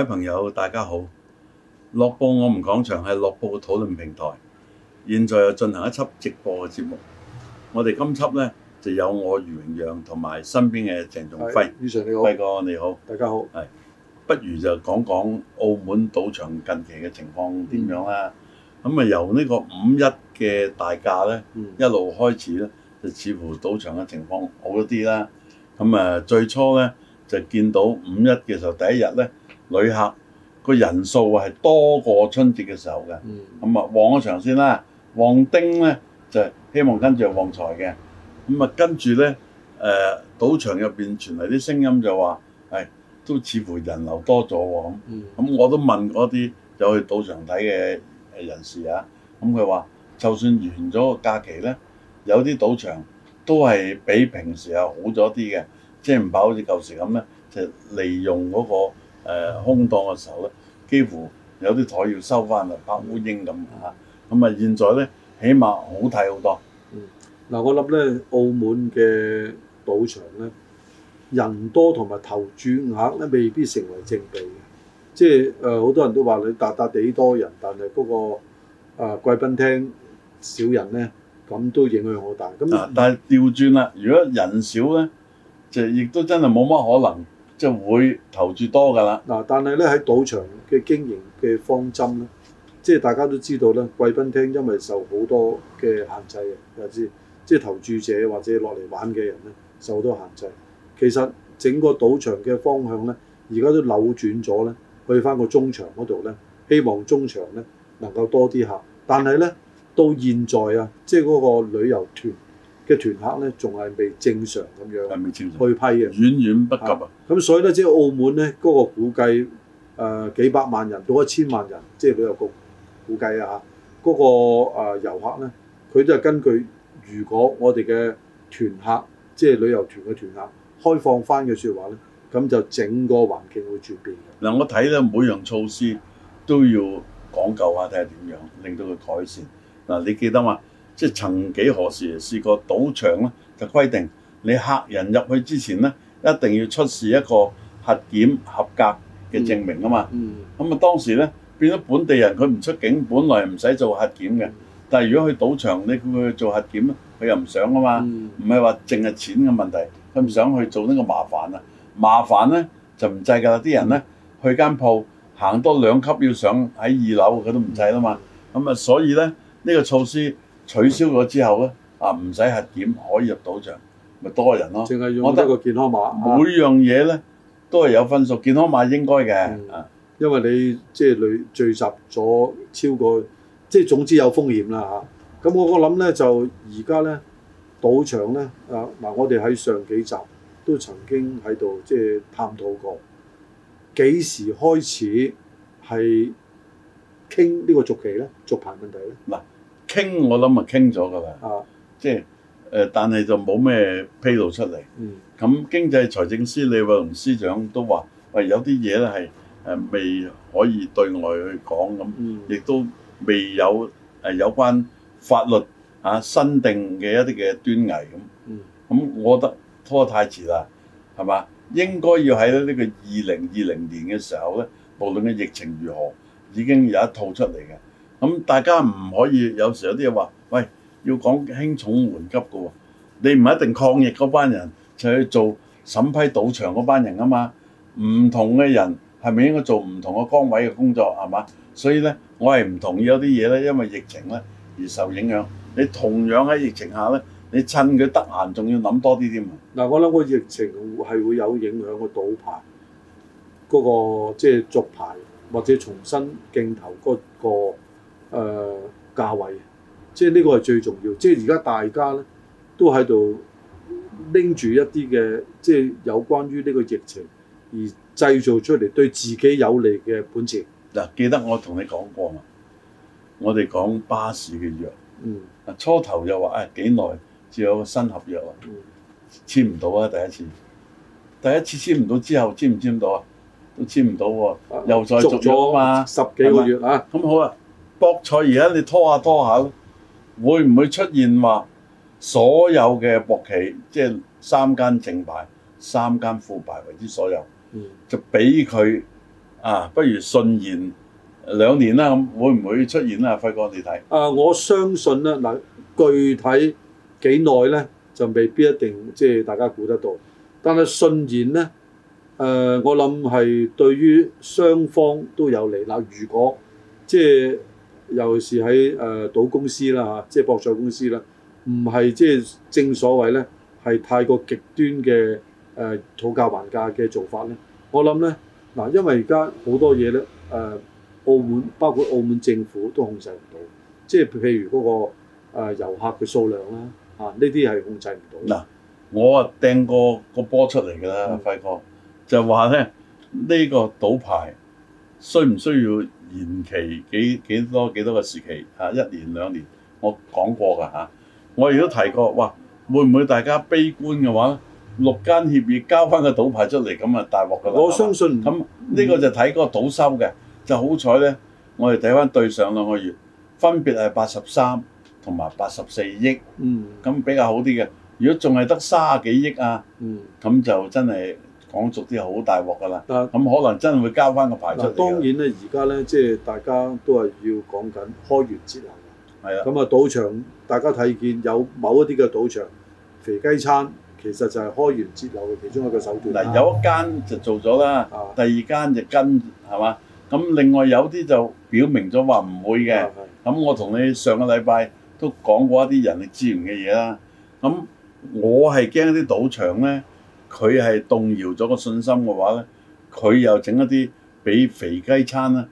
各位朋友，大家好！樂報我哋講場係樂報嘅討論平台，現在又進行一輯直播嘅節目。我哋今輯呢就有我余榮陽同埋身邊嘅鄭仲輝。余 Sir 你好，輝哥你好，大家好。不如就講講澳門賭場近期嘅情況點樣啦？咁啊、嗯、由這個的呢個五一嘅大假呢一路開始呢就似乎賭場嘅情況好咗啲啦。咁、嗯、啊最初呢就見到五一嘅時候第一日呢。旅客個人數啊係多過春節嘅時候嘅，咁啊旺一場先啦。旺丁呢，就希望跟住旺財嘅，咁啊跟住呢，誒、呃，賭場入邊傳嚟啲聲音就話、哎，都似乎人流多咗喎咁。咁我都問嗰啲有去賭場睇嘅人士啊，咁佢話就算完咗個假期呢，有啲賭場都係比平時又好咗啲嘅，即係唔怕好似舊時咁呢？就利用嗰個。誒、呃、空檔嘅時候咧，幾乎有啲台要收翻嚟拍烏蠅咁嚇，咁啊現在咧，起碼好睇好多。嗱、嗯、我諗咧，澳門嘅賭場咧，人多同埋投注額咧，未必成為正比嘅。即係誒，好多人都話你沓沓地多人，但係嗰個啊貴賓廳少人咧，咁都影響好大。咁、啊、但係調轉啦，如果人少咧，就亦都真係冇乜可能。即係會投注多㗎啦。嗱，但係咧，喺賭場嘅經營嘅方針咧，即係大家都知道咧，貴賓廳因為受好多嘅限制嘅，又知即係投注者或者落嚟玩嘅人咧，受好多限制。其實整個賭場嘅方向咧，而家都扭轉咗咧，去翻個中場嗰度咧，希望中場咧能夠多啲客。但係咧到現在啊，即係嗰個旅遊團。嘅團客咧，仲係未正常咁樣係未正常去批嘅，遠遠不及啊！咁、啊、所以咧，即係澳門咧，嗰、那個估計誒、呃、幾百萬人到一千萬人，即、就、係、是、旅遊局估計啊！嗰、那個誒、呃、遊客咧，佢都係根據如果我哋嘅團客，即係旅遊團嘅團客開放翻嘅説話咧，咁就整個環境會轉變嘅。嗱、啊，我睇咧每樣措施都要講究下，睇下點樣令到佢改善。嗱、啊，你記得嘛？即係曾幾何時試過賭場咧，就規定你客人入去之前咧，一定要出示一個核檢合格嘅證明啊嘛。咁啊、嗯，嗯、當時咧變咗本地人，佢唔出境，本來唔使做核檢嘅。但係如果去賭場，你叫佢做核檢，佢又唔想啊嘛。唔係話淨係錢嘅問題，佢唔想去做呢個麻煩啊。麻煩咧就唔制㗎啦。啲人咧去間鋪行多兩級要上喺二樓，佢都唔制啦嘛。咁啊，所以咧呢、呢個措施。取消咗之後咧，啊，唔使核檢可以入賭場，咪多人咯。我得個健康碼。每樣嘢咧都係有分數，健康碼應該嘅，嗯，因為你即係聚聚集咗超過，即係總之有風險啦嚇。咁我我諗咧就而家咧賭場咧，啊嗱，我哋喺上幾集都曾經喺度即係探討過幾時開始係傾呢個續期咧、續牌問題咧。傾我諗咪傾咗㗎啦，啊、即係、呃、但係就冇咩披露出嚟。咁、嗯、經濟財政司李慧龍司長都話：喂、呃，有啲嘢咧係未可以對外去講咁，亦、嗯、都未有、呃、有關法律啊新定嘅一啲嘅端倪咁。咁、嗯、我覺得拖得太遲啦，係嘛？應該要喺呢個二零二零年嘅時候咧，無論嘅疫情如何，已經有一套出嚟嘅。咁大家唔可以有時有啲嘢話，喂，要講輕重緩急嘅喎，你唔一定抗疫嗰班人就去做審批賭場嗰班人啊嘛，唔同嘅人係咪應該做唔同嘅崗位嘅工作係嘛？所以呢，我係唔同意有啲嘢呢，因為疫情呢而受影響。你同樣喺疫情下呢，你趁佢得閒仲要諗多啲添啊！嗱，我諗個疫情係會有影響個賭牌嗰個即係續牌或者重新競投嗰個。誒、呃、價位，即係呢個係最重要。即係而家大家咧都喺度拎住一啲嘅，即係有關於呢個疫情而製造出嚟對自己有利嘅本錢。嗱、啊，記得我同你講過嘛，我哋講巴士嘅約。嗯。初頭又話誒幾耐至有新合約啊？嗯。簽唔到啊！第一次，第一次簽唔到之後簽唔簽到啊？都簽唔到喎、啊。又再續咗啊嘛，啊十幾個月啊。咁好啊。博彩而家你拖下拖下咯，會唔會出現話所有嘅博企即係三間正牌、三間副牌為之所有，就俾佢啊？不如順延兩年啦咁，會唔會出現啦？輝哥你睇啊！我相信咧嗱，具體幾耐咧就未必一定即係大家估得到，但係順延咧誒，我諗係對於雙方都有利啦，如果即係尤其是喺誒賭公司啦嚇，即係博彩公司啦，唔係，即係正所謂咧，係太過極端嘅誒討價還價嘅做法咧。我諗咧嗱，因為而家好多嘢咧誒，澳門包括澳門政府都控制唔到，即係譬如嗰個誒遊客嘅數量啦，啊呢啲係控制唔到。嗱、啊，我啊掟過個波出嚟㗎啦，的輝哥，就話咧呢個賭牌需唔需要？延期幾幾多幾多個時期嚇？一年兩年，我講過㗎嚇。我亦都提過，哇，會唔會大家悲觀嘅話，六間協議交翻個賭牌出嚟，咁啊大鑊㗎。我相信咁呢個就睇嗰個賭收嘅。嗯、就好彩呢，我哋睇翻對上兩個月，分別係八十三同埋八十四億。嗯。咁比較好啲嘅。如果仲係得三十幾億啊，嗯，咁就真係。講俗啲好大鑊噶啦，咁但可能真係會交翻個牌出嚟。當然咧，而家咧即係大家都係要講緊開源節流。係啊的，咁啊，賭場大家睇見有某一啲嘅賭場肥雞餐，其實就係開源節流嘅其中一個手段。嗱，有一間就做咗啦，的第二間就跟係嘛？咁另外有啲就表明咗話唔會嘅。咁我同你上個禮拜都講過一啲人力資源嘅嘢啦。咁我係驚啲賭場咧。佢係動搖咗個信心嘅話呢，佢又整一啲比肥雞餐咧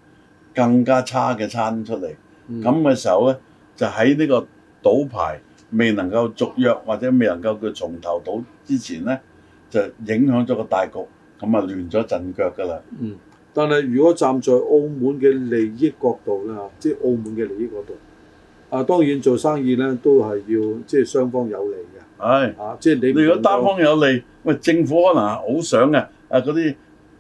更加差嘅餐出嚟，咁嘅、嗯、時候呢，就喺呢個賭牌未能夠續約或者未能夠佢從頭賭之前呢，就影響咗個大局，咁啊亂咗陣腳㗎啦。嗯，但係如果站在澳門嘅利益角度啦，即係澳門嘅利益角度，啊、就是、當然做生意呢都係要即係雙方有利嘅。係、哎啊、即係你。如果單方有利，喂，政府可能係好想嘅，啊，嗰啲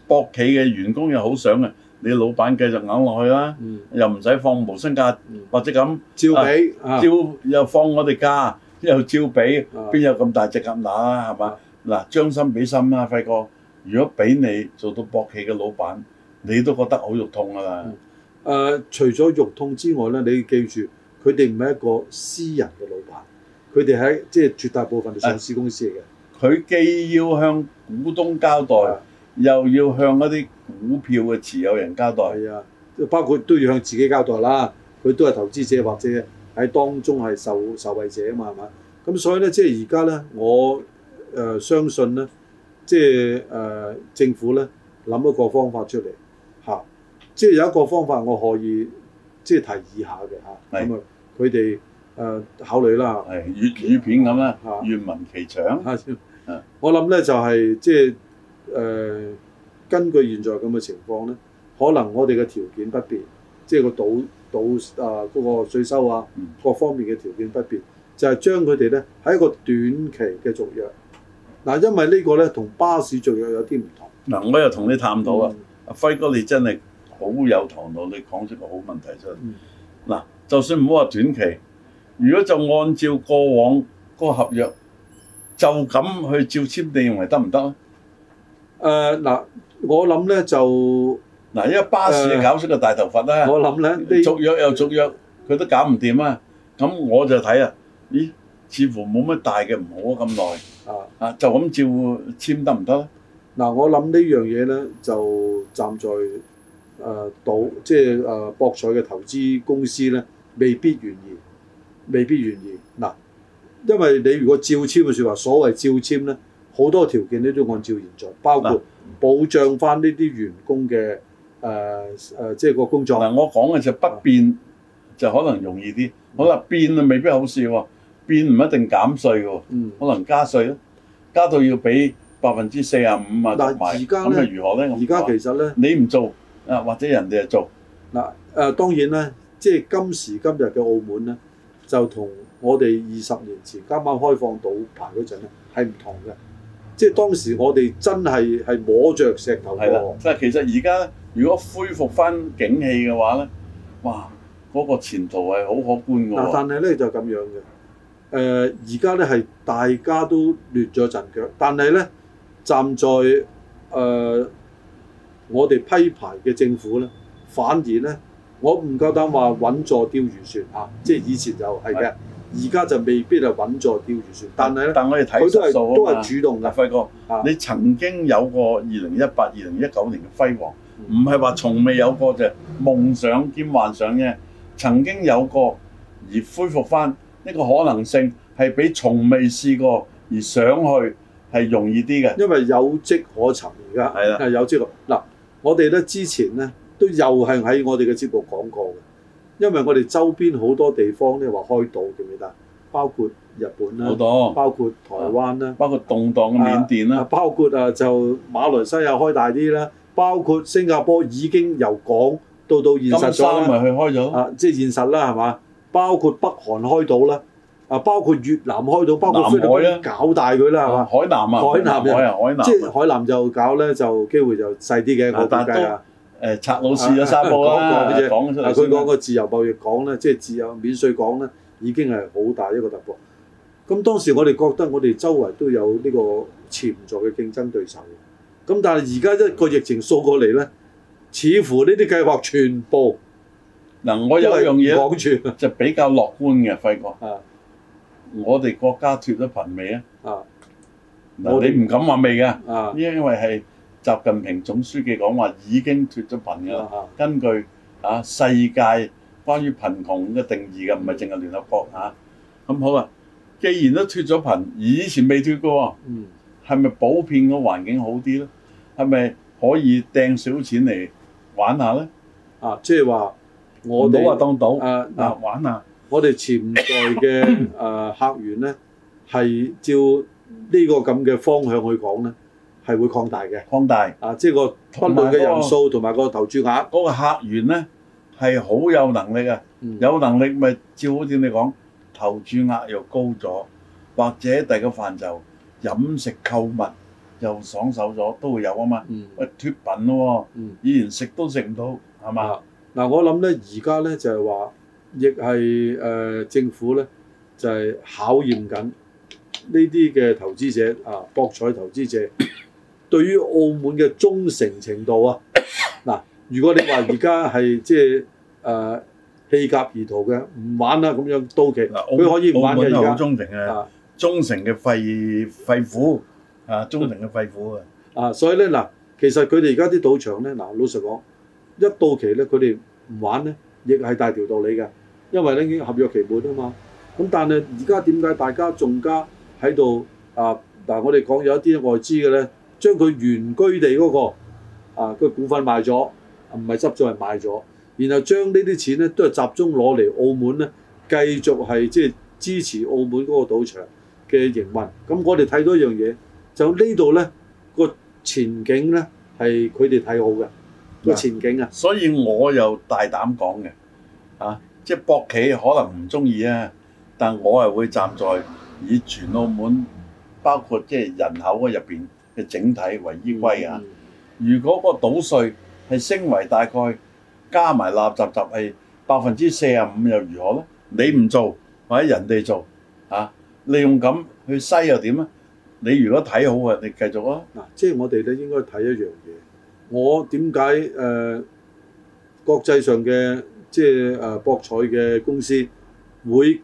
博企嘅員工又好想嘅，你老闆繼續咬落去啦，嗯、又唔使放無薪假，嗯、或者咁照俾比，啊、照、啊、又放我哋假，又照俾，邊有咁大隻蛤乸啊？係嘛？嗱、啊，將吧、啊、心比心啦、啊，輝哥，如果俾你做到博企嘅老闆，你都覺得好肉痛㗎啦。誒、嗯呃，除咗肉痛之外咧，你要記住，佢哋唔係一個私人嘅老闆。佢哋喺即係絕大部分嘅上市公司嚟嘅，佢、啊、既要向股東交代，啊、又要向一啲股票嘅持有人交代，係啊，包括都要向自己交代啦。佢都係投資者或者喺當中係受受惠者啊嘛，係嘛？咁所以咧，即係而家咧，我誒、呃、相信咧，即係誒、呃、政府咧諗一個方法出嚟嚇、啊，即係有一個方法我可以即係提議下嘅嚇，咁啊佢哋。是誒考慮啦，係粵語片咁啦，願聞其詳。是我諗咧就係即係誒，根據現在咁嘅情況咧，可能我哋嘅條件不變，即係個賭賭啊嗰個稅收啊各方面嘅條件不變，就係將佢哋咧喺一個短期嘅續約。嗱，因為這個呢個咧同巴士續約有啲唔同。嗱、嗯，我又同你探討啊，輝、嗯、哥你很，你真係好有頭腦，你講出個好問題出嚟。嗱、嗯，就算唔好話短期。如果就按照過往個合約就咁去照簽你認為得唔得啊？誒嗱、呃，我諗咧就嗱，因為巴士搞出個大頭髮啦、呃，我諗咧續約又續約，佢、呃、都搞唔掂啊！咁我就睇啊，咦，似乎冇乜大嘅唔好咁耐啊啊，就咁照簽得唔得咧？嗱、呃，我諗呢樣嘢咧，就站在誒賭即係誒博彩嘅投資公司咧，未必願意。未必願意嗱，因為你如果照簽嘅説話，所謂照簽咧，好多條件你都按照現做，包括保障翻呢啲員工嘅誒誒，即係喏、呃呃就是、個工作。嗱，我講嘅就係不變、啊、就可能容易啲，我話，嗯、變啊未必好事喎，變唔一定減稅嘅喎，嗯、可能加稅咯，加到要俾百分之四啊五啊，咁啊喏如何咧？而家其實咧，你唔做啊，或者人哋又做嗱誒、呃，當然咧，即係今時今日嘅澳門咧。就同我哋二十年前啱啱開放賭牌嗰陣咧係唔同嘅，即係當時我哋真係係摸着石頭係啦。但其實而家如果恢復翻景氣嘅話咧，哇，嗰、那個前途係好可觀㗎。但係咧就咁、是、樣嘅，誒而家咧係大家都亂咗陣腳，但係咧站在誒、呃、我哋批牌嘅政府咧，反而咧。我唔夠膽話穩坐釣魚船嚇，嗯、即係以前就係嘅，而家是就未必係穩坐釣魚船。是但係咧，但係我哋睇到數都，都係主動嘅。輝哥，是你曾經有過二零一八、二零一九年嘅輝煌，唔係話從未有過就係夢想兼幻想嘅，曾經有過而恢復翻呢個可能性係比從未試過而上去係容易啲嘅。因為有跡可尋，而家係啦，的有跡嗱，我哋咧之前呢。都又係喺我哋嘅節目講過嘅，因為我哋周邊好多地方咧話開島，記唔記得？包括日本啦，好多，包括台灣啦，包括動盪嘅緬甸啦，包括啊就馬來西亞開大啲啦，包括新加坡已經由港到到現實咗咁咪去開咗啊！即係現實啦，係嘛？包括北韓開島啦，啊包括越南開島，包括海南搞大佢啦，係嘛？海南啊，海南啊，海南即係海南就搞咧，就機會就細啲嘅一個國家。誒、欸、拆老士咗三步啦，講佢講個自由貿易港咧，即、就、係、是、自由免稅港咧，已經係好大一個突破。咁當時我哋覺得我哋周圍都有呢個潛在嘅競爭對手。咁但係而家一個疫情掃過嚟咧，嗯、似乎呢啲計劃全部嗱，我有一樣嘢住，講完就比較樂觀嘅，費國。啊，我哋國家脫得貧未啊？未啊，你唔敢話未㗎？啊，因為係。習近平總書記講話已經脱咗貧㗎啦，根據啊世界關於貧窮嘅定義㗎，唔係淨係聯合國嚇。咁好啊，既然都脱咗貧，以前未脱過，係咪普遍嘅環境好啲咧？係咪可以掟少錢嚟玩下咧？啊，即係話我都話當賭啊，啊玩下。我哋潛在嘅誒客源咧，係照呢個咁嘅方向去講咧。係會擴大嘅，擴大啊！即係個參與嘅人數同埋、那個、個投注額，嗰個客源呢，係好有能力啊！嗯、有能力咪照好似你講，投注額又高咗，或者第二個範就飲食購物又爽手咗，都會有啊嘛！咪脱、嗯啊、貧喎、哦，嗯、以前食都食唔到，係嘛、嗯？嗱吧、啊，我諗呢而家呢，就係、是、話，亦係誒政府呢，就係、是、考驗緊呢啲嘅投資者啊，博彩投資者。對於澳門嘅忠誠程度啊，嗱，如果你話而家係即係誒棄甲而逃嘅，唔玩啦，咁樣到期佢澳可以唔玩嘅而家，澳門係好忠誠嘅，忠誠嘅肺肺腑啊，忠誠嘅肺腑嘅啊，所以咧嗱、呃，其實佢哋而家啲賭場咧嗱，老實講，一到期咧佢哋唔玩咧，亦係大條道理嘅，因為咧已經合約期滿啊嘛。咁但係而家點解大家仲加喺度啊？嗱、呃呃，我哋講有一啲外資嘅咧。將佢原居地嗰個啊個股份賣咗，唔係執咗，係賣咗，然後將呢啲錢咧都係集中攞嚟澳門咧，繼續係即係支持澳門嗰個賭場嘅營運。咁我哋睇到一樣嘢，就呢度咧個前景咧係佢哋睇好嘅個前景啊。所以我又大膽講嘅啊，即係博企可能唔中意啊，但我係會站在以全澳門包括即係人口嘅入邊。嘅整體為依歸啊！如果個賭稅係升為大概加埋垃圾雜氣百分之四十五又如何咧？你唔做或者人哋做嚇，利用咁去篩又點啊？你如果睇好呀，你繼續咯。嗱，即係我哋咧應該睇一樣嘢。我點解誒國際上嘅即係誒博彩嘅公司會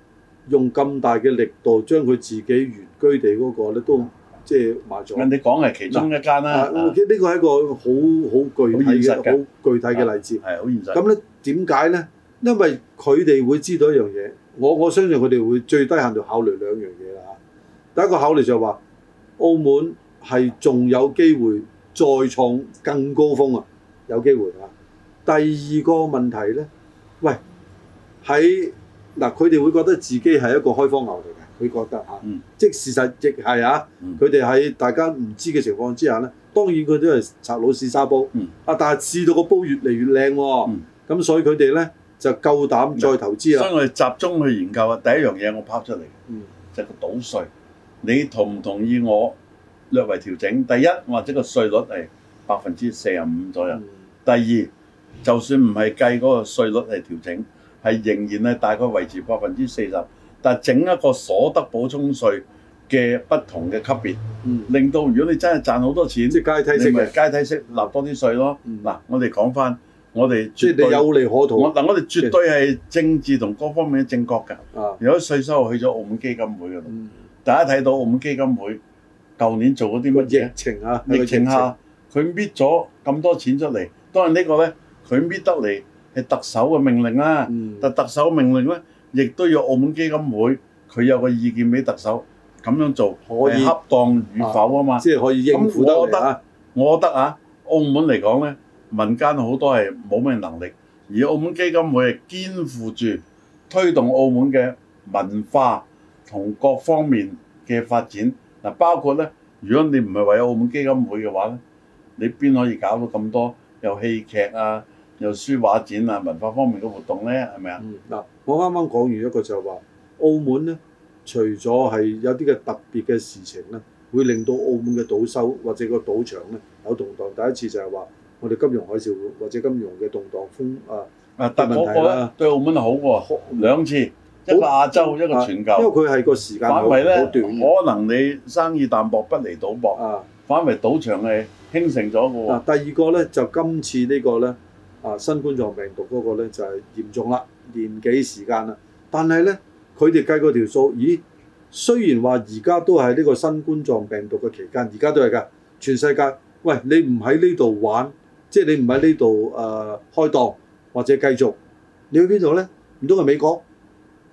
用咁大嘅力度將佢自己原居地嗰個咧都？即係話咗，人哋講係其中一間啦、啊。呢個係一個好好具體嘅好現實，好具體嘅例子，係好現實。咁咧點解咧？因為佢哋會知道一樣嘢，我我相信佢哋會最低限度考慮兩樣嘢啦嚇。第一個考慮就係話，澳門係仲有機會再創更高峰啊，有機會嚇。第二個問題咧，喂，喺嗱佢哋會覺得自己係一個開荒牛。佢覺得嚇，即事實亦係啊！佢哋喺大家唔知嘅情況之下咧，嗯、當然佢都係拆老試沙煲啊！嗯、但係試到個煲越嚟越靚喎、哦，咁、嗯、所以佢哋咧就夠膽再投資啦、嗯。所以我哋集中去研究啊！第一樣嘢我拋出嚟，嗯、就係個賭稅。你同唔同意我略為調整？第一或者個稅率係百分之四十五左右。嗯、第二，就算唔係計嗰個稅率嚟調整，係仍然係大概維持百分之四十。但係整一個所得補充稅嘅不同嘅級別，令到如果你真係賺好多錢，即係階梯式，階梯式納多啲稅咯。嗱，我哋講翻，我哋即係有利可圖。嗱，我哋絕對係政治同各方面嘅正確㗎。如果稅收去咗澳門基金會㗎。大家睇到澳門基金會舊年做咗啲乜嘢？疫情啊，疫情下佢搣咗咁多錢出嚟。當然呢個咧，佢搣得嚟係特首嘅命令啦。但特首命令咧，亦都有澳門基金會，佢有個意見俾特首，咁樣做可以恰當與否啊嘛？即係可以應付得嚟，我覺得，我覺得啊，澳門嚟講呢，民間好多係冇咩能力，而澳門基金會係肩負住推動澳門嘅文化同各方面嘅發展。嗱，包括呢，如果你唔係為澳門基金會嘅話呢，你邊可以搞到咁多有戲劇啊？有書畫展啊，文化方面嘅活動咧，係咪啊？嗱、嗯，我啱啱講完一個就係話，澳門咧，除咗係有啲嘅特別嘅事情咧，會令到澳門嘅賭收或者個賭場咧有動盪。第一次就係話，我哋金融海嘯或者金融嘅動盪風啊啊，我覺得對澳門好喎、啊，兩次，好一個亞洲，一個全球，啊、因為佢係個時間範圍咧，可能你生意淡薄不離賭博啊，反為賭場係興盛咗我、啊啊。第二個咧就今次呢個呢個咧。啊！新冠狀病毒嗰個咧就係、是、嚴重啦，年幾時間啦？但係咧，佢哋計嗰條數，咦？雖然話而家都係呢個新冠狀病毒嘅期間，而家都係㗎，全世界喂你唔喺呢度玩，即、就、係、是、你唔喺呢度誒開檔或者繼續，你去邊度咧？唔通係美國？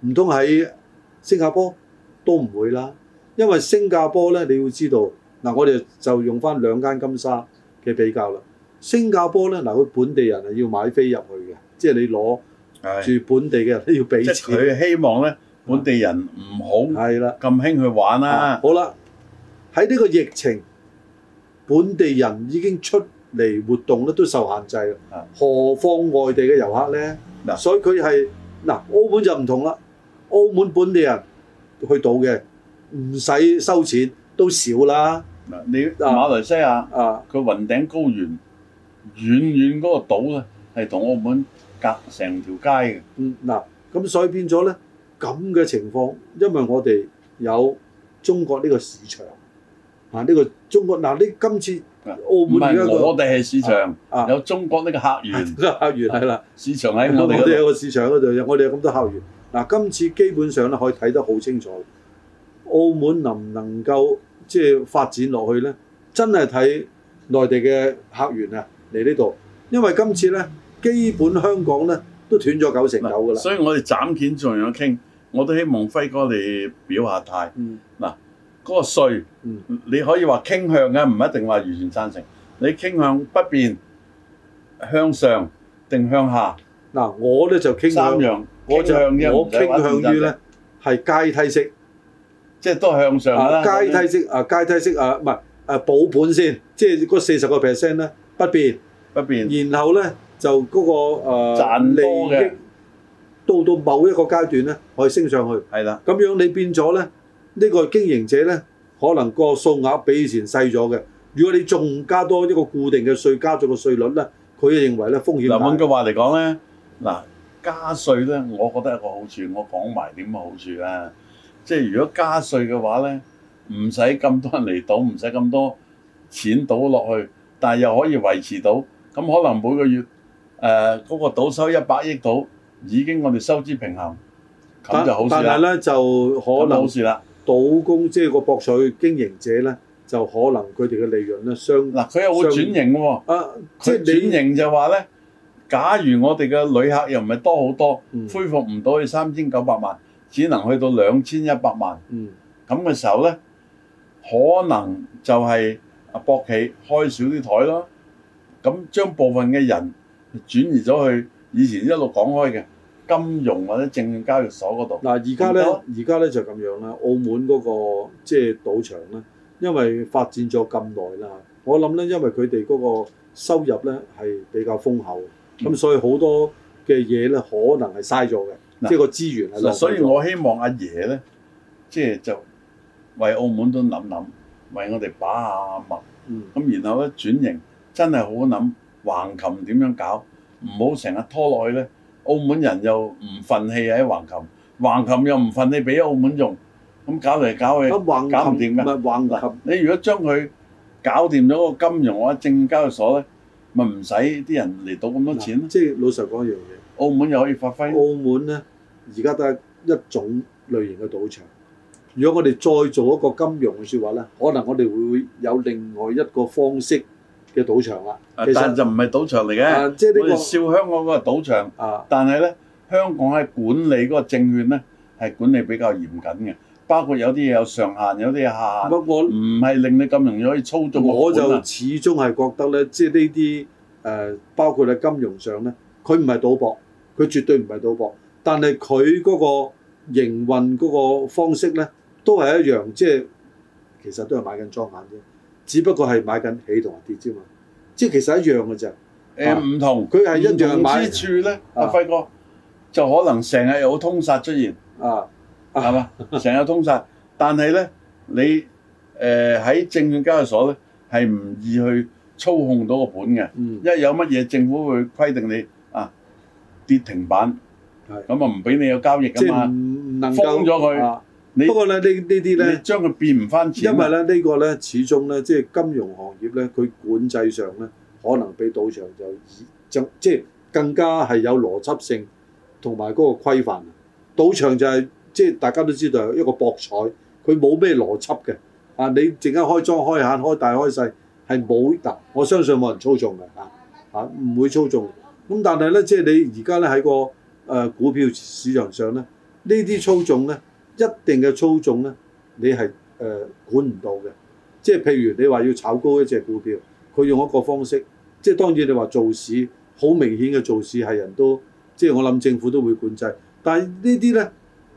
唔通係新加坡？都唔會啦，因為新加坡咧，你要知道嗱、啊，我哋就用翻兩間金沙嘅比較啦。新加坡咧嗱，佢本地人係要買飛入去嘅，即係你攞住本地嘅人都的要俾錢。即係佢希望咧本地人唔好咁興去玩啦、啊。好啦，喺呢個疫情，本地人已經出嚟活動咧都受限制啦。的何況外地嘅遊客咧嗱，是的所以佢係嗱澳門就唔同啦。澳門本地人去到嘅去賭嘅唔使收錢都少啦。嗱，你馬來西亞啊，佢的雲頂高原。遠遠嗰個島咧，係同澳門隔成條街嘅。嗯，嗱，咁所以變咗咧，咁嘅情況，因為我哋有中國呢個市場，啊，呢個中國嗱、啊，你今次澳門係我哋係市場，啊、有中國呢個客源，客源係啦，啊、市場喺我哋有個市場嗰度，我有我哋有咁多客源。嗱、啊，今次基本上咧可以睇得好清楚，澳門能唔能夠即係發展落去咧？真係睇內地嘅客源啊！嚟呢度，因為今次咧，基本香港咧都斷咗九成九噶啦。所以，我哋斬件仲有傾，我都希望輝哥你表下態。嗯，嗱，嗰個稅，你可以話傾向嘅，唔一定話完全贊成。你傾向不變向上定向下？嗱，我咧就傾向，我向我傾向於咧係階梯式，即係都向上啦。階梯式啊，階梯式啊，唔係啊，保本先，即係嗰四十個 percent 咧。不變，不變辨。然後咧就嗰、那個誒賺、呃、利益，到到某一個階段咧可以升上去。係啦的，咁樣你變咗咧，呢、這個經營者咧可能個數額比以前細咗嘅。如果你仲加多一個固定嘅稅交咗個稅率咧，佢認為咧風險。林允嘅話嚟講咧，嗱喃加稅咧，我覺得係一個好處，我講埋點嘅好處啊，即係如果加稅嘅話咧，唔使咁多人嚟賭，唔使咁多錢賭落去。但係又可以維持到，咁可能每個月誒嗰、呃那個賭收一百億度，已經我哋收支平衡，咁就好事啦，但係咧就可能事賭公即係個博彩經營者咧，就可能佢哋嘅利潤咧相嗱佢又會轉型喎、哦。啊，即係轉型就話咧，啊、假如我哋嘅旅客又唔係多好多，嗯、恢復唔到去三千九百萬，只能去到兩千一百萬。嗯，咁嘅時候咧，可能就係、是。啊，博企開少啲台啦，咁將部分嘅人轉移咗去以前一路講開嘅金融或者證券交易所嗰度。嗱，而家咧，而家咧就咁樣啦。澳門嗰個即係賭場咧，因為發展咗咁耐啦，我諗咧，因為佢哋嗰個收入咧係比較豐厚，咁所以好多嘅嘢咧可能係嘥咗嘅，嗯、即係個資源係浪費咗。所以我希望阿爺咧，即係就為澳門都諗諗。為我哋把下脈，咁然後咧轉型，真係好諗橫琴點樣搞，唔好成日拖落去咧。澳門人又唔憤氣喺橫琴，橫琴又唔憤氣俾澳門用，咁搞嚟搞去，搞唔掂㗎。唔係橫琴，你如果將佢搞掂咗個金融或者證交所咧，咪唔使啲人嚟賭咁多錢咯。即係老實講一樣嘢，澳門又可以發揮。澳門咧，而家都係一種類型嘅賭場。如果我哋再做一個金融嘅説話呢，可能我哋會有另外一個方式嘅賭場啦。其實、啊、就唔係賭場嚟嘅，即、啊就係、我哋笑香港個賭場。啊、但係呢，香港喺管理嗰個證券呢，係管理比較嚴謹嘅，包括有啲嘢有上限，有啲嘢下限。我我唔係令你咁容易可以操縱個盤。我就始終係覺得呢，即係呢啲誒，包括喺金融上呢，佢唔係賭博，佢絕對唔係賭博，但係佢嗰個營運嗰個方式呢。都係一樣，即係其實都係買緊莊眼啫，只不過係買緊起同埋跌啫嘛，即係其實係一樣嘅咋，唔、嗯、同，佢係一樣買。唔同之處咧，阿輝哥就可能成日有通殺出現啊，係、啊、嘛？成日通殺，啊啊、但係咧，你誒喺、呃、證券交易所咧係唔易去操控到個盤嘅。嗯，因為有乜嘢政府會規定你啊跌停板，咁啊唔俾你有交易㗎嘛，封咗佢。啊你不過咧，呢呢啲咧，你將佢變唔翻錢、啊。因為咧，呢個咧，始終咧，即係金融行業咧，佢管制上咧，可能比賭場就就即係更加係有邏輯性同埋嗰個規範。賭場就係即係大家都知道一個博彩，佢冇咩邏輯嘅。啊，你陣間開莊開下，開大開細，係冇，我相信冇人操縱嘅。嚇嚇，唔會操縱。咁但係咧，即係你而家咧喺個誒股票市場上咧，呢啲操縱咧。一定嘅操縱呢，你係、呃、管唔到嘅，即係譬如你話要炒高一隻股票，佢用一個方式，即係當然你話做市，好明顯嘅做市係人都，即係我諗政府都會管制，但係呢啲呢，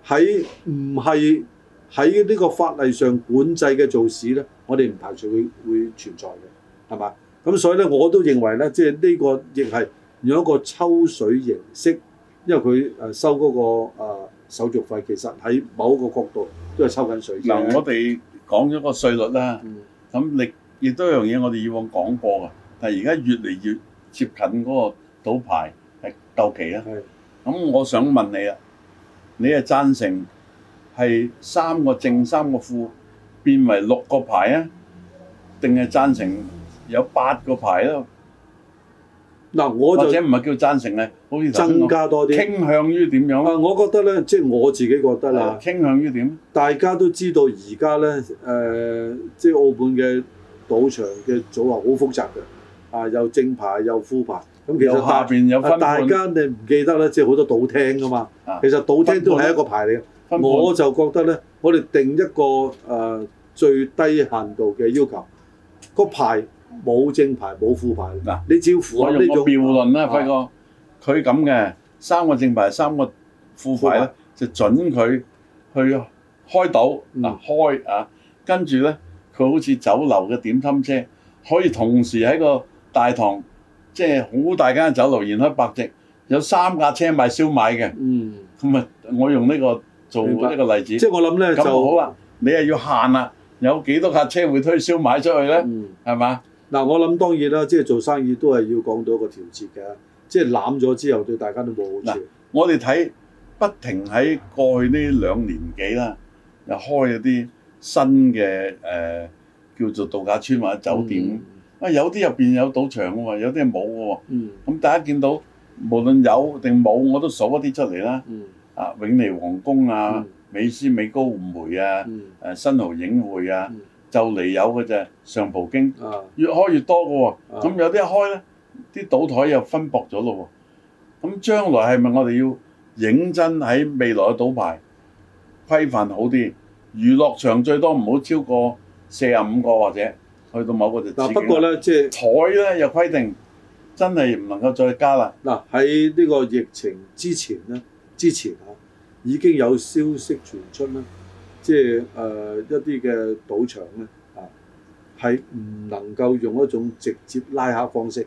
喺唔係喺呢個法例上管制嘅做市呢，我哋唔排除會會存在嘅，係嘛？咁所以呢，我都認為呢，即係呢個亦係用一個抽水形式，因為佢呃、收嗰、嗰個、呃手續費其實喺某一個角度都係抽緊稅。嗱、嗯，我哋講咗個稅率啦，咁亦都一樣嘢，我哋以往講過嘅，但係而家越嚟越接近嗰個賭牌係到期啦。咁是我想問你啊，你係贊成係三個正三個副變為六個牌啊，定係贊成有八個牌咧？嗱，我就或者唔係叫贊成咧。增加多啲，傾向於點樣？啊，我覺得咧，即係我自己覺得啦。傾向於點？大家都知道而家咧，誒、呃，即係澳門嘅賭場嘅組合好複雜嘅，啊，又正牌又副牌，咁其實下邊有分。大家你唔記得咧，即係好多賭廳啊嘛。其實賭廳都係一個牌嚟嘅，我就覺得咧，我哋定一個誒、啊、最低限度嘅要求，個牌冇正牌冇副牌。嗱、啊，你只要符合呢種。我用個妙論啦，輝哥、啊。佢咁嘅三個正牌三個副牌咧，牌就準佢去開到嗱、嗯、開啊，跟住咧，佢好似酒樓嘅點心車，可以同時喺個大堂，即係好大間酒樓，然後百席有三架車賣燒賣嘅，咁啊、嗯、我用呢個做呢個例子，即係、就是、我諗咧就好啦，你係要限啊，有幾多架車會推燒賣出去咧？係嘛、嗯？嗱吧，我諗當然啦，即、就、係、是、做生意都係要講到一個調節嘅。即係攬咗之後，對大家都冇好處。嗱，我哋睇不停喺過去呢兩年幾啦，又開咗啲新嘅誒叫做度假村或者酒店。啊，有啲入邊有賭場㗎嘛，有啲係冇㗎喎。咁大家見到無論有定冇，我都數一啲出嚟啦。啊，永利皇宮啊，美斯美高梅啊，誒新濠影匯啊，就嚟有嘅啫。上葡京越開越多㗎喎。咁有啲開咧。啲賭台又分薄咗咯，咁將來係咪我哋要認真喺未來嘅賭牌規範好啲，娛樂場最多唔好超過四啊五個或者去到某個地嗱，不過呢，即係台呢，又規定真係唔能夠再加啦。嗱，喺呢個疫情之前呢，之前啊已經有消息傳出啦，即係呃、一啲嘅賭場呢，啊、係唔能夠用一種直接拉客方式。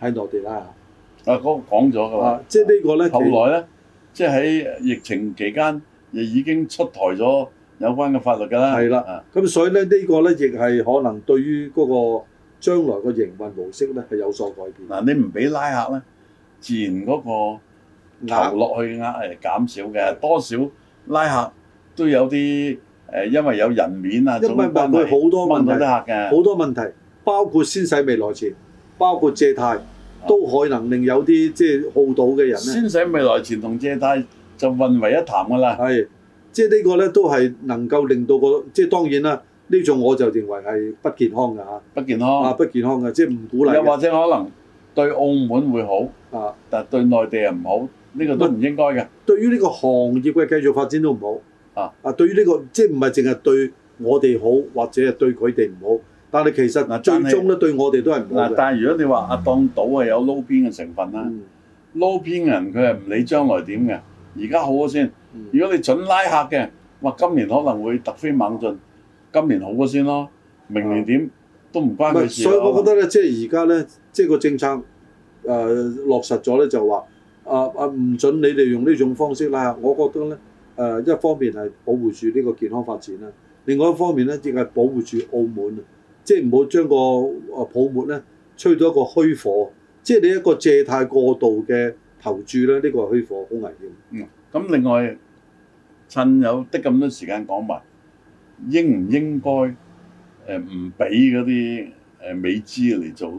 喺內地拉客，啊講講咗噶，那個、啊即係呢個咧，後來咧，即係喺疫情期間，亦已經出台咗有關嘅法律噶啦。係啦的，咁、啊、所以咧呢個咧，亦係可能對於嗰個將來嘅營運模式咧係有所改變。嗱、啊，你唔俾拉客咧，自然嗰個流落去嘅額係減少嘅。多少拉客都有啲誒、呃，因為有人面啊，嗯、做翻嚟，問到啲客嘅，好多問題，包括先使未來錢，包括借貸都可能令有啲即係好賭嘅人，先使未來錢同借貸就混為一談㗎啦。係，即係呢個呢都係能夠令到個即係當然啦，呢種我就認為係不健康㗎嚇、啊，不健康啊，不健康嘅，即係唔鼓勵。又或者可能對澳門會好啊，但係對內地人唔好，呢、呢個都唔應該嘅。對於呢個行業嘅繼續發展都唔好啊啊！對於呢、呢個即係唔係淨係對我哋好，或者係對佢哋唔好。但係其實嗱，最終咧對我哋都係唔好嘅。但係、但係如果你話阿當賭係有撈偏嘅成分啦，撈偏、嗯、人佢係唔理將來點嘅，而家、嗯、好咗先。嗯、如果你準拉客嘅，話，今年可能會突飛猛進，今年好咗先咯，明年點、嗯、都唔關佢事。所以我覺得咧我，即係而家咧，即係個政策誒、呃、落實咗咧，就話、呃、啊啊唔准你哋用呢種方式啦。我覺得咧誒、呃、一方面係保護住呢個健康發展啦，另外一方面咧亦係保護住澳門即係唔好將個誒泡沫咧吹到一個虛火，即係你一個借貸過度嘅投注咧，呢、呢個係虛火，好危險。咁、嗯、另外，趁有得咁多時間講埋，應唔應該誒唔俾嗰啲誒美資嚟做咧？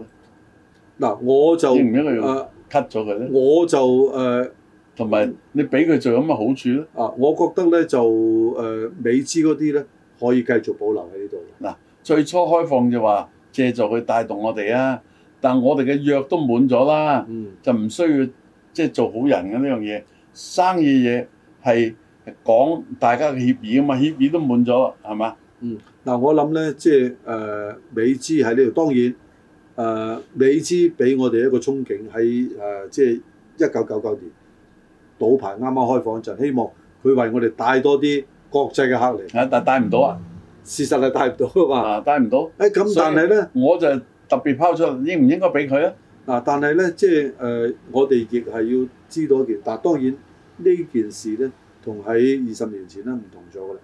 嗱，我就唔應該用 cut 咗佢咧。我就誒，同、呃、埋你俾佢仲有乜好處咧？啊，我覺得咧就誒、呃、美資嗰啲咧可以繼續保留喺度。最初開放就話借助佢帶動我哋啊，但我哋嘅約都滿咗啦，嗯、就唔需要即係、就是、做好人嘅呢樣嘢。生意嘢係講大家嘅協議啊嘛，協議都滿咗，係嘛？嗯，嗱、呃、我諗咧，即係誒、呃、美資喺呢度，當然誒、呃、美資俾我哋一個憧憬喺誒、呃，即係一九九九年賭牌啱啱開放就、希望佢為我哋帶多啲國際嘅客嚟。啊，但帶唔到啊？嗯事實係帶唔到嘅嘛？啊，帶唔到！誒咁、哎，但係咧，我就特別拋出應唔應該俾佢啊？嗱，但係咧，即係誒、呃，我哋亦係要知道一件。但當然呢件事咧，同喺二十年前咧唔同咗嘅啦。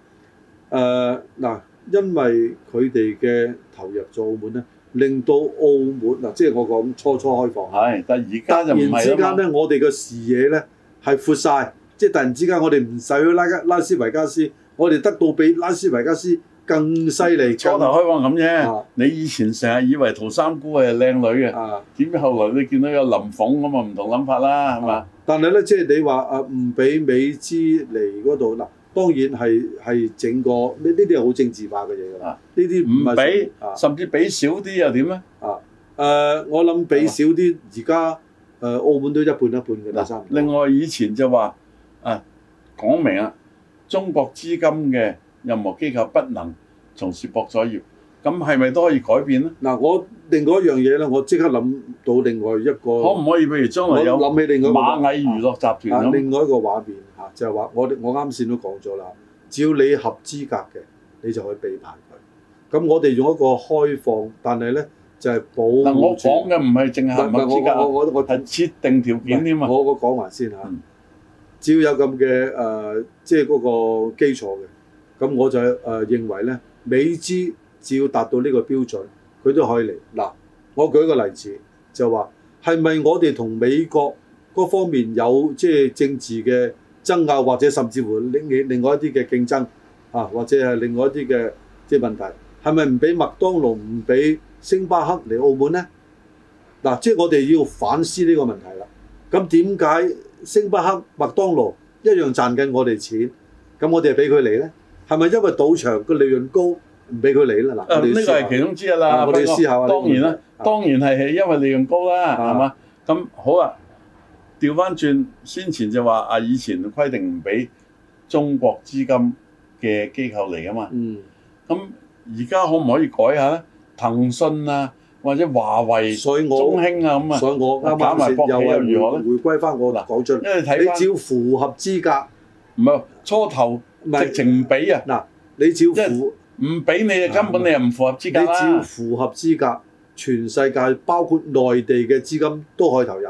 誒、呃、嗱，因為佢哋嘅投入咗澳門咧，令到澳門嗱，即係我講初初開放係，但係而家突然之間咧，我哋嘅視野咧係闊晒。即係突然之間我哋唔使去拉斯拉斯維加斯，我哋得到比拉斯維加斯更犀利，初頭開放咁啫。你以前成日以為陶三姑係靚女嘅，點解後來你見到有林鳳咁啊，唔同諗法啦，係嘛？但係咧，即係你話啊，唔俾美資嚟嗰度嗱，當然係係整個呢呢啲係好政治化嘅嘢㗎啦。呢啲唔俾，甚至俾少啲又點咧？誒，我諗俾少啲，而家誒澳門都一半一半嘅喇。另外以前就話啊，講明啊，中國資金嘅任何機構不能。同時博咗業，咁係咪都可以改變咧？嗱、啊，我另外一樣嘢咧，我即刻諗到另外一個，可唔可以？譬如將來有諗起另外一個螞蟻娛樂集團、啊啊、另外一個畫面嚇、啊，就係、是、話我哋我啱先都講咗啦，只要你合資格嘅，你就可以被排除。咁我哋用一個開放，但係咧就係、是、保護。嗱，我講嘅唔係淨係合資格、唔係我我我係設定條件添、啊、嘛、啊。我我講埋先嚇，啊嗯、只要有咁嘅誒，即係嗰個基礎嘅，咁我就誒、呃、認為咧。美資只要達到呢個標準，佢都可以嚟。嗱，我舉一個例子，就話係咪我哋同美國各方面有即係政治嘅爭拗，或者甚至乎另外另外一啲嘅競爭啊，或者係另外一啲嘅即係問題，係咪唔俾麥當勞唔俾星巴克嚟澳門咧？嗱，即係我哋要反思呢個問題啦。咁點解星巴克、麥當勞一樣賺緊我哋錢，咁我哋就俾佢嚟咧？係咪因為賭場個利潤高唔俾佢嚟啦？嗱，呢個係其中之一啦。我哋思考下。當然啦，當然係因為利潤高啦，係嘛？咁好啊，調翻轉先前就話啊，以前規定唔俾中國資金嘅機構嚟啊嘛。嗯。咁而家可唔可以改下？騰訊啊，或者華為、中興啊咁啊，所以我加埋博企如何？又回歸翻我講出嚟。因為睇翻，你只要符合資格，唔係初頭。直情唔俾啊！嗱，你只要唔俾你啊，根本你又唔符合資格，你只要符合資格，全世界包括內地嘅資金都可以投入。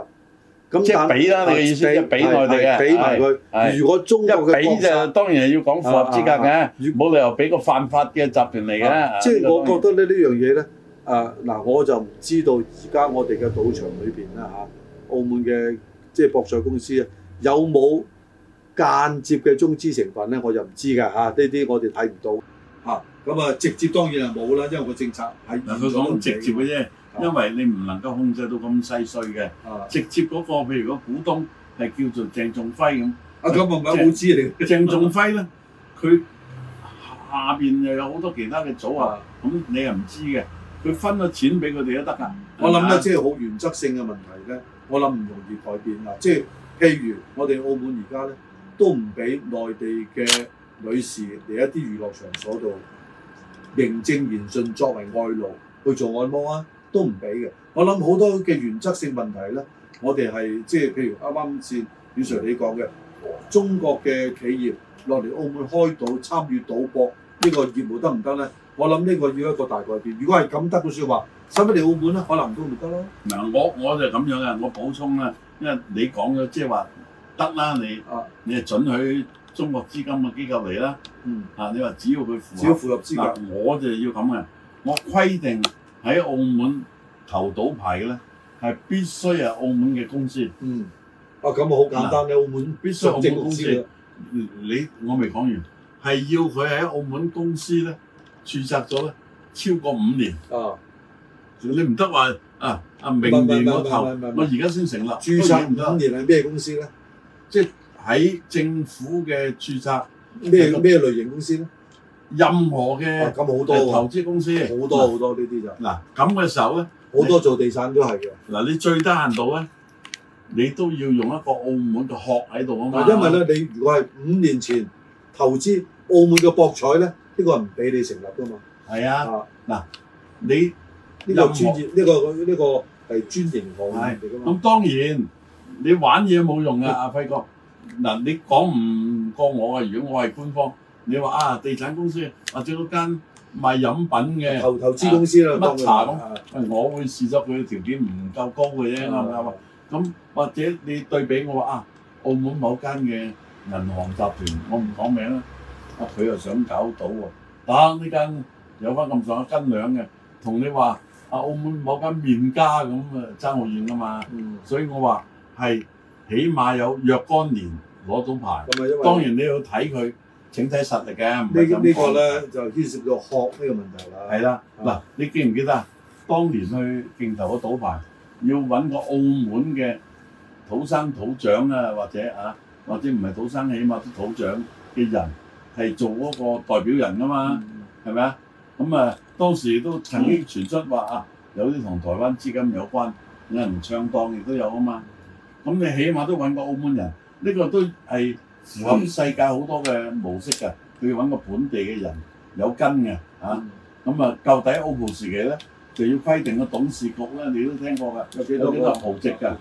咁即係俾啦，你嘅意思係俾內地嘅，俾埋佢。如果中一中央嘅，當然係要講符合資格嘅，冇理由俾個犯法嘅集團嚟嘅。即係我覺得咧，呢樣嘢咧，啊嗱，我就唔知道而家我哋嘅賭場裏邊啦，嚇，澳門嘅即係博彩公司啊，有冇？間接嘅中資成分咧，我就唔知㗎嚇，呢啲我哋睇唔到嚇、啊。咁啊，啊，直接當然係冇啦，因為個政策係講直接嘅啫。啊、因為你唔能夠控制到咁細碎嘅。啊、直接嗰、那個譬如個股東係叫做鄭仲輝咁、啊。啊咁，我唔係好知你。鄭仲輝咧，佢、啊、下邊又有好多其他嘅組啊，咁、啊、你又唔知嘅。佢分咗錢俾佢哋都得㗎。我諗咧，即係好原則性嘅問題咧，我諗唔容易改變啊。即係、就是、譬如我哋澳門而家咧。都唔俾內地嘅女士嚟一啲娛樂場所度名正言順，作為外勞去做按摩啊，都唔俾嘅。我諗好多嘅原則性問題咧，我哋係即係譬如啱啱先，李 Sir 你講嘅中國嘅企業落嚟澳門開賭，參與賭博呢個業務得唔得咧？我諗呢個要一個大改變。如果係咁得嘅説話，使唔使嚟澳門咧？可能都唔得咯。嗱，我我就咁樣嘅，我補充啦，因為你講嘅，即係話。得啦，你你係準許中國資金嘅機構嚟啦。嗯，啊，你話只要佢符合，只要符合資格，我就要咁嘅。我規定喺澳門投賭牌嘅咧，係必須係澳門嘅公司。嗯，啊，咁好簡單嘅，澳門必須澳門，澳門公司。你我未講完，係要佢喺澳門公司咧註冊咗咧超過五年啊。啊，你唔得話啊啊明年我投，我而家先成立註冊唔到五年係咩公司咧？即係喺政府嘅註冊咩咩類型公司咧？任何嘅投資公司，好多好多呢啲就嗱，咁嘅時候咧，好多做地產都係嘅。嗱你最低限度咧，你都要用一個澳門嘅殼喺度啊嘛。因為咧，你如果係五年前投資澳門嘅博彩咧，呢個係唔俾你成立噶嘛。係啊，嗱你呢個專營呢個呢個係專營行業嚟㗎嘛。咁當然。你玩嘢冇用噶、啊，阿輝哥，嗱你講唔過我啊！如果我係官方，你話啊，地產公司或者嗰間賣飲品嘅投投資公司啦，乜、啊、茶咁，會啊、我會試執佢條件唔夠高嘅啫，咁啊，咁、啊、或者你對比我話啊，澳門某間嘅銀行集團，我唔講名啦，啊佢又想搞到喎、啊，打呢間有翻咁上下斤兩嘅，同你話啊澳門某間麵家咁啊爭好遠啊嘛，嗯、所以我話。係起碼有若干年攞到牌咁啊！因為當然你要睇佢整體實力嘅。呢呢個咧就牽涉到學呢個問題啦。係啦的，嗱的，你記唔記得啊？當年去競投個賭牌，要揾個澳門嘅土生土長啊，或者啊，或者唔係土生，起碼啲土長嘅人係做嗰個代表人㗎嘛，係咪啊？咁啊，當時都曾經傳出話、嗯、啊，有啲同台灣資金有關，有人唔唱噹亦都有啊嘛。咁你起碼都揾個澳門人，呢個都係全世界好多嘅模式㗎。佢要揾個本地嘅人有根嘅，嚇。咁啊，舊底澳博時期咧，就要規定個董事局咧，你都聽過㗎，有幾多個葡籍㗎，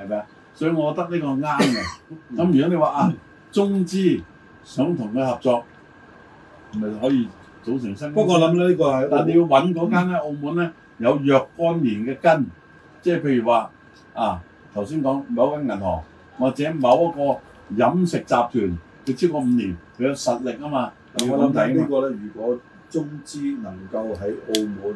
係咪啊？所以我覺得呢個啱嘅。咁如果你話啊，中資想同佢合作，咪可以組成新，不過我諗咧呢個係，但你要揾嗰間咧，澳門咧有若干年嘅根，即係譬如話啊。頭先講某間銀行或者某一個飲食集團，佢超過五年，佢有實力啊嘛。咁我諗睇呢個咧，如果中資能夠喺澳門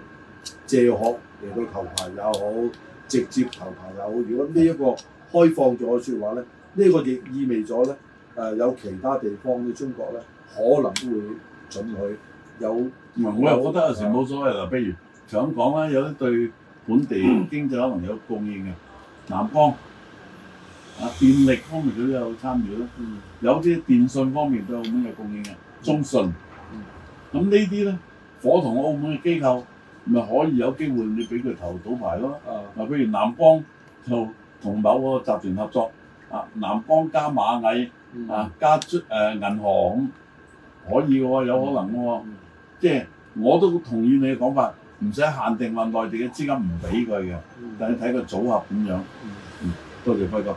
借殼嚟到投牌又好，直接投牌又好，如果呢一個開放咗嘅話咧，呢、嗯、個亦意味咗咧，誒有其他地方嘅中國咧，可能都會准許有、嗯。我又覺得有時冇所謂啦。譬如就咁講啦，有啲對本地經濟可能有貢獻嘅。南方啊，電力方面佢都有參與咯，嗯、有啲電信方面對澳門有供應嘅，中信。咁、嗯、呢啲咧，夥同澳門嘅機構咪可以有機會你俾佢投賭牌咯。嗱、啊，譬如南方就同某個集團合作，啊，南方加螞蟻、嗯、啊，加誒銀、呃、行可以嘅、啊、喎，有可能嘅、啊、喎，即係、嗯就是、我都同意你嘅講法。唔使限定話內地嘅資金唔俾佢嘅，嗯、但你睇個組合點樣。嗯、多謝輝哥。